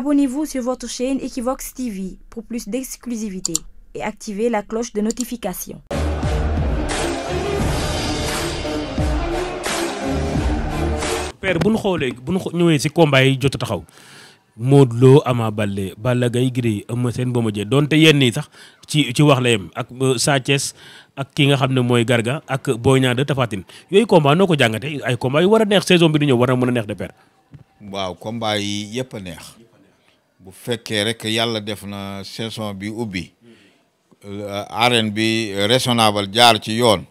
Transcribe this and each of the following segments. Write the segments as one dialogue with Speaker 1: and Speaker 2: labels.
Speaker 1: Abonnez-vous sur votre chaîne Equivox TV pour plus d'exclusivité et activez la cloche bu nu
Speaker 2: xoolee bu ñu ñëwee si combat yi jot a taxaw Modou Lo Ama Baldé Balla Gaye Gris Eumeu Sène Bombardier donte yenn yi sax ci ci wax la ak euh, Sa ak kii nga xam ne mooy Garga ak Boy Niang 2 yooyu combat noo ko jàngatee ay combat yu war a neex saison bi di ñëw war na mën a neex de per
Speaker 1: waaw combat yi yëpp a neex. bu fekkee rek yàlla def na saison bi ubbi euh, arène bi raisonnable jaar ci yoon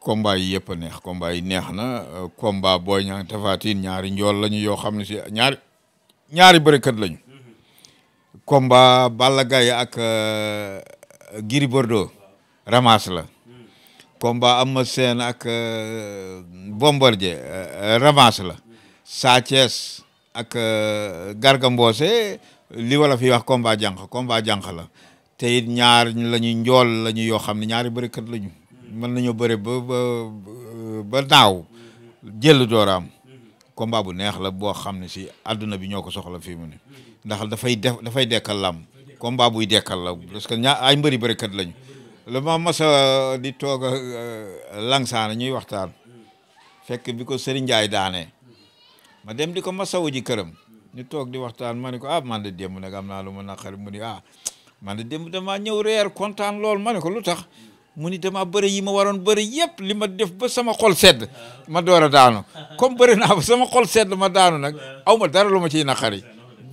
Speaker 1: combat yi yëpp neex combat yi neex na euh, combat Boy Niang Tapha ñaari njool lañu yoo xam ne si ñaari ñaari bërëkkat lañu combat Balla Gaye ak euh, Gris Bordeaux ramasse la komba Ama Sène ak Bombardier ramasse la Sa ak euh, Garga Mbossé li wala fi wax combat jànq combat jànq la te it ñaar lañuy njool la ñu yoo xam ne ñaari bërikat la ñu mën nañoo bëri ba ba ba naaw jël dooraam combat bu neex la boo xam ne si àdduna bi ñoo ko soxla fi mu ne ndax dafay def dafay dekkal lam combat buy dekkal la parce que ñaar ay mbëri bërikat lañu la ma masa di toog a euh, langsaana ñuy waxtaan fekk bi ko Serigne Ndiaye daanee ma dem di ko masawu ji këram ñu toog di waxtaan ma ne ko ah man dem mu nekk am naa lu ma naqari mu ni ah man de démb damaa ñëw reer kontaan lool ma ne ko lu tax mu ni damaa bëri yi ma waroon bëri yëpp li ma def ba sama xol sedd ma door a daanu comme bëri naa ba sama xol sedd ma daanu nag aw ma dara lu ma ciy naqari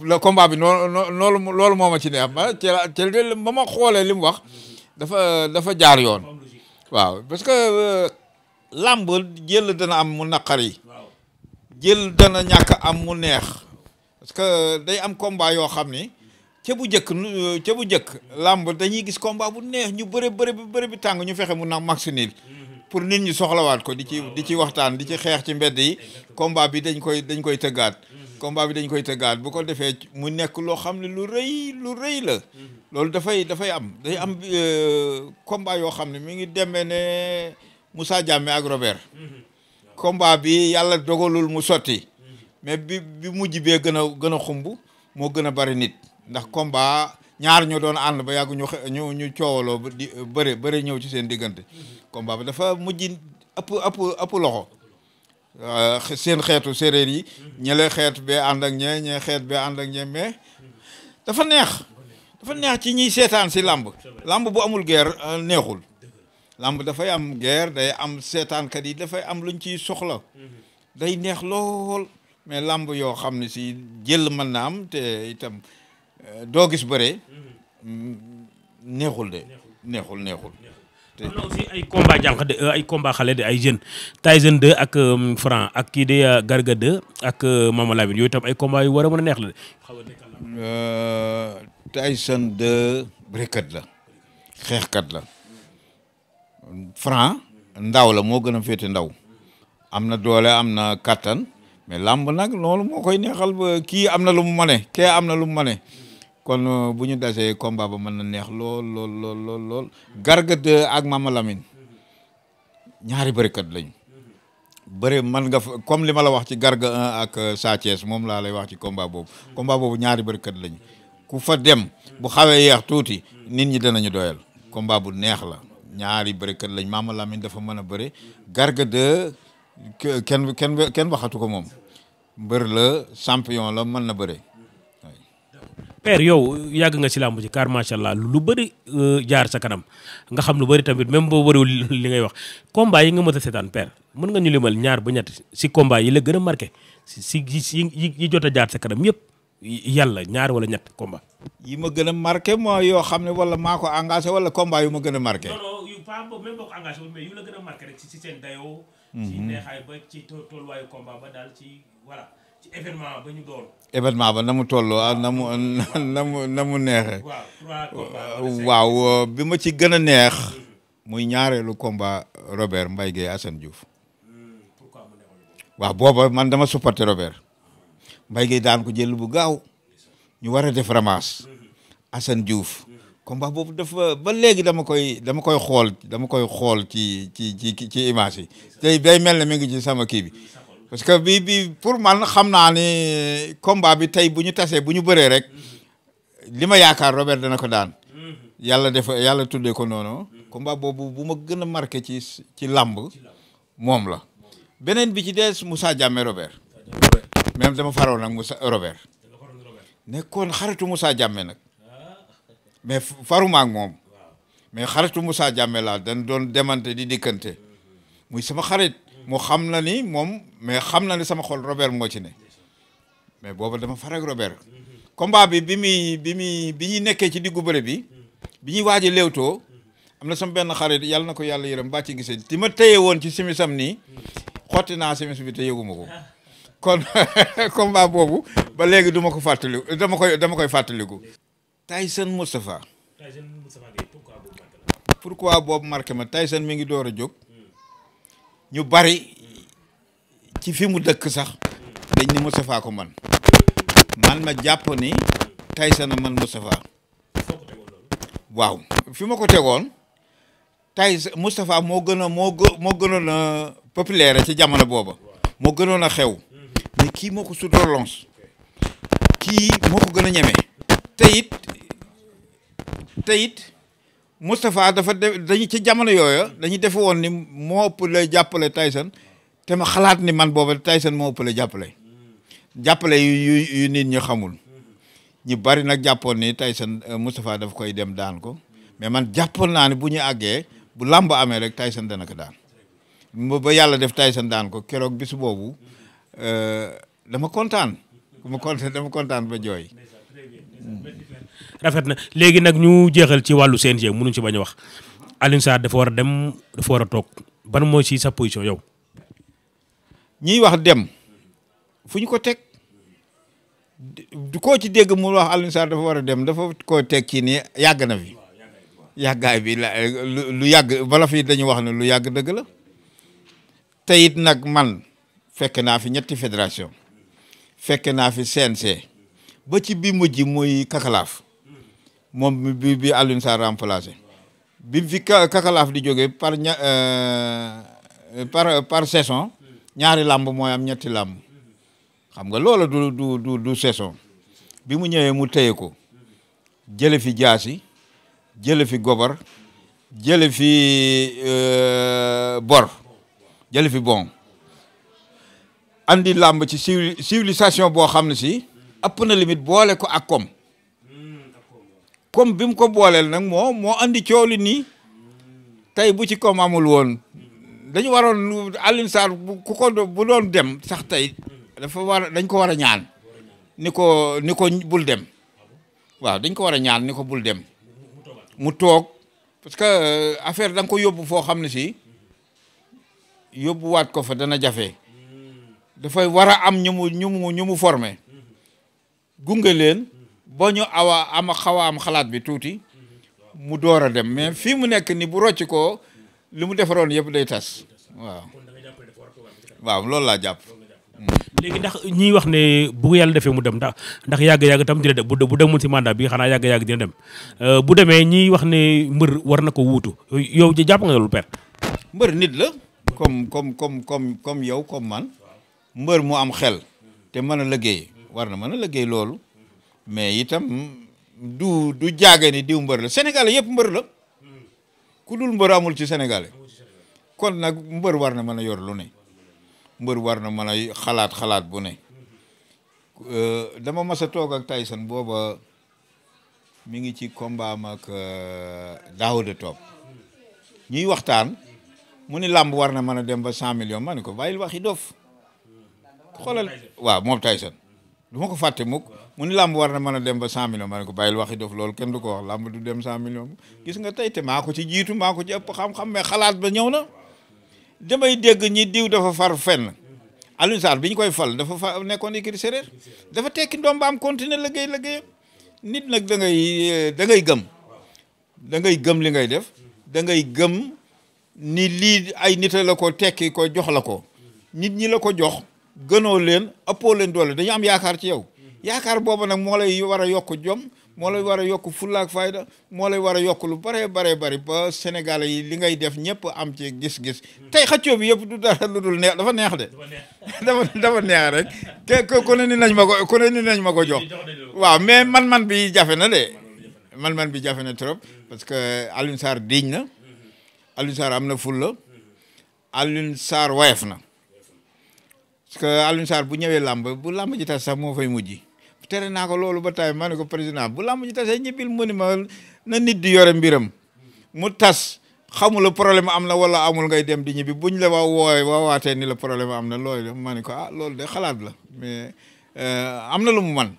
Speaker 1: le combat bi noonu loolu loolu moo ma ci neex ma ci la ba ma xoolee li mu wax dafa dafa jaar yoon waaw parce que euh, làmb jël dana am mu naqari jël dana ñàkk am mu neex parce que day am combat yoo xam ni ca bu njëkk ca bu njëkk làmb dañuy gis combat bu neex ñu bëre bëre bi bëre bi tàng ñu fexe mu na max niil pour nit ñu soxlawaat ko di ci di ci waxtaan di ci xeex ci mbedd yi combat bi dañ koy dañ koy tëggaat combat bi dañ koy tëggaat bu ko defee mu nekk loo xam ne lu rëy lu rëy la loolu dafay dafay am day am euh, combat yoo xam ne mi ngi demee ne Moussa Diame ak Robert combat bi yàlla dogalul mu sotti mais bi bi mujj bee gën a gën a xumb moo gën a bari nit ndax combat ñaar ñu doon ànd ba yàgg ñu ñu coowaloo ba di bëre bëre ñëw ci seen diggante combat bi dafa mujj ëpp ëpp ëpp loxo euh, seen xeetu séréer yi ñele xeet bee ànd ak ñee ñee xeet bee ànd ak ñee mais dafa neex dafa neex ci ñiy seetaan si làmb làmb bu amul guerre euh, neexul làmb dafay am guerre day am seetaankat yi dafay am lu luñ ciy soxla mhm. day neex lool mais làmb yoo xam ne si jël mën na am te itam euh, doo gis bëree mhm. mm, neexul de neexul neexul am na ay
Speaker 2: combat jànq de ay combat xale de ak euh, Franc ak kii de euh, Garga 2 ak Mama Lamine yooyu tam ay combat yu war a mën a neex la
Speaker 1: de Tyson 2 bërekat la xeexkat la Franc ndaw la moo gën a féete ndaw am na doole am na kattan mais làmb nag loolu moo koy neexal ba kii am na lu mu mane kee am na lu mu mane kon euh, bu ñu dasee combat ba mën na neex lool lool lool lool lool Garga 2 ak Mama Lamine ñaari bërikat lañ bëri man nga fa comme li ma la wax ci Garga ak euh, Sa moom laa lay wax ci combat boobu combat boobu ñaari bërikat lañ ku fa dem bu xawee yeex tuuti nit ñi danañu doyal combat bu neex la ñaari bërikat lañ Mama Lamine dafa mën a bëri Garga 2 kenn kenn kenn waxatu ko moom mbër la champion la mën na bëri.
Speaker 2: père yow yàgg nga ci làmb ji car macha allah lu bëri euh, jaar sa kanam nga xam lu bëri tamit même boo bëriwul li ngay wax combat yi nga mën a seetaan père mën nga ñu limal ñaar ba ñett si combat yi la gën a marqué ci ci yi yi jot a jaar sa kanam yëpp yàlla ñaar wala ñett combat.
Speaker 1: yi ma gën a marqué mooy yoo xam ne wala maa ko engagé wala combat yi ma gën a marqué.
Speaker 2: pas ko engagé wul mhm. ba ci tolluwaayu combat ba daal
Speaker 1: mu tolloo ah, na mu na waaw euh, euh, bi ma ci gën a neex. Mhm. muy ñaareelu combat Robert Mbaye Gueye Assane Diouf. Mhm. waaw booba man dama supporté Robert. Mbaye Gueye daan ko jël bu gaaw. ñu war a def ramasse. combat boobu dafa ba léegi dama koy dama koy xool dama koy xool ci ci ci ci image yi tey day mel na mi ngi ci sama kii bi parce que bi bi pour man xam naa ne combat bi tey bu ñu tasee bu ñu baree rek li ma yaakaar Robert dana ko daan yàlla def yàlla tuddee ko noonu combat boobu bu ma gën a marqué ci ci làmb moom la beneen bi ci des Moussa Diame Robert même dama faroon nag musa Robert nekkoon xaritu Moussa jàmme nag mais faruma ak moom mais xaritu Moussa Diame laa dañ doon demante di dikkante muy sama xarit mu xam na ni moom mais xam na ni sama xol Robert moo ci ne mais boobu dama far ak Robert combat bi bi muy bi muy bi ñuy nekkee ci diggu bëre bi bi ñuy waaj a am na sama benn xarit yàlla na ko yàlla yërëm bàcc gisee ti ma téye woon ci simisam nii xotti naa simis bi te yëguma ko kon combat boobu ba léegi duma ko fàttaliku dama koy dama koy fàttaliku Tyson Moustapha.
Speaker 2: Tyson Moustapha Gueye
Speaker 1: pourquoi boobu marqué ma. pourquoi boobu marqué ma Tyson mi ngi door a jóg. ñu bari ci fi mu dëkk sax. dañ ni Moustapha ko man man ma jàpp ni Tyson a man Moustapha. waaw fi ma ko tegoon. Tyson Moustapha moo gën a moo gë moo gënoon a ci jamono booba. moo gënoon a xew. Mhm. mais kii moo ko sudorlons. kii moo ko gën a ñeme. te te it Moustapha dafa def dañu ci jamono yooya dañu def woon ni moo ëpp lay jàppale Tyson te ma xalaat ni man booba Tyson moo ëpp la jàppale jàppale yu yu nit ñu xamul ñu bari nag jàppoon ni Tyson euh, Moustapha daf koy dem daan ko mais man jàppoon naa ne bu ñu àggee bu làmb amee rek Tyson dana ko daan ba yàlla def Tyson daan ko keroog bis boobu euh, dama kontaan ma kontaan dama kontaan ba jooy
Speaker 2: Mm. rafet na léegi nag ñu jeexal ci wàllu CNG mënuñ ci bañ a wax Alioune Sarr a dem dafa a toog ban mooy ci sa position yow. ñiy wax dem fu ko teg du koo ci dégg
Speaker 1: mu wax Alioune dafa war a dem dafa koo teg kii nii yàgg na fi yàggaay bi la lu yàgg bala fi dañu wax ne lu yàgg dëgg la te nag man fekk naa fi ñetti fédération fekk naa fi CNG. ba ci bi mu ji muy kakalaaf moom bi bi Alioune Sarr remplacé bi fi kakalaaf di jógee par ña euh, saison ñaari làmb mooy am ñetti làmb xam nga loola du du saison bi mu ñëwee mu téye ko jële fi jaasi jële fi gobar jële fi euh, bor jële fi bon andi làmb ci civilisation boo xam ne si ëpp na limite boole ko ak kom kom bi mu ko booleel nag moo moo indi coow nii tey bu ci kom amul woon dañu waroon Alioune Sarr bu ku doon dem sax tey dafa war dañ ko war a ñaan ni ko ni ko bul dem waaw dañ ko war a ñaan ni ko bul dem mu toog parce que euh, affaire da ko yóbbu foo xam ne si yóbbuwaat ko fa dana jafe dafay war a am ñu mu ñu mu ñu gunge leen boo ñu awa am xaw am xalaat bi tuuti mu door a dem mais fii mu nekk ni bu rocc koo li mu defaroon yëpp day tas waaw waaw
Speaker 2: loolu laa jàpp léegi ndax ñiy wax ne bu yàlla defee mu dem ndax ndax yàgg-yàgg tam dina dem bu bu demul ci mandat bi xanaa yàgg-yàgg dina dem euh, bu demee ñiy wax ne mbër war na ko wuutu yow jàpp nga lu per
Speaker 1: mbër nit la comme comme comme comme comme yow comme man mbër mu am xel te mën a liggéey war na mën a liggéey loolu mais itam du du jaaga ni diw mbër la sénégalais yëpp mbër la ku dul mbër amul ci sénégalais kon nag mbër war na mën a yor lu ne mbër war na mën a xalaat xalaat bu ne euh, dama masa toog ak Tyson booba mi ngi ci combat am ak euh, Daouda Top ñuy waxtaan mu ni lamb war na mën a dem ba cent million ma ni ko bàyyil waxi dof hmm. xoolal waaw moom Tyson du ma ko fàtte mukk mu ni làmb war na mën a dem ba cent millions ma ne ko bàyyil waxi dof loolu kenn du ko wax làmb du dem cent millions gis nga tey te maa ko ci jiitu maa ko ci ëpp xam-xam mais xalaat ba ñëw na damay dégg ñi diw dafa far fenn Alioune bi ñu koy fal dafa fa nekkoon écurie Séeréer dafa tekki ndoom ba am continuer liggéey liggéeyam nit nag da ngay euh, gëm dangay gëm li ngay def dangay gëm ni lii ay nit la ko tekki ko jox la ko nit ñi la ko jox gënoo leen ëppoo leen doole dañu am yaakaar ci yow yaakaar boobu nag moo lay war a yokk jom moo lay war a yokk fullaak fayda moo lay war a yokk lu bare bare bari ba sénégal yi li ngay def ñëpp am ci gis-gis tey xaccoo bi yëpp du dara lu dul neex dafa neex de dafa dafa neex rek ke ku nañ ma ko ne nañ ma ko jox waaw mais man-man bi jafe na le man-man bi jafe na trop parce que Alioune Sarr diñ na Alioune Sarr am na fulla Alioune Sarr wayaf na parce que Alioune Sarr bu ñëwee làmb bu làmb ji tas sax moo fay mujj tere naa ko loolu ba tay ma ne ko président bu làmb ji tasee ñibbil mu ni ma na nit di yore mbiram mu tas xamula problème am na wala amul ngay dem di ñibbi buñ la wa wooy waawaatee ni la problème am na loolu ma ne ko ah, loolu de xalaat la mais euh, am na lu mu man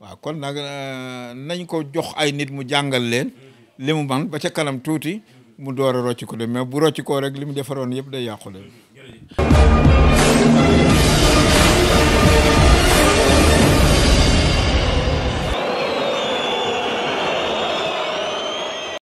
Speaker 1: waaw kon nag euh, nañ ko jox ay nit mu jàngal leen li mu man ba ca kanam tuuti mu door a rocc ko de mais bu rocc koo rek li mu defaroon yëpp day yàqu leen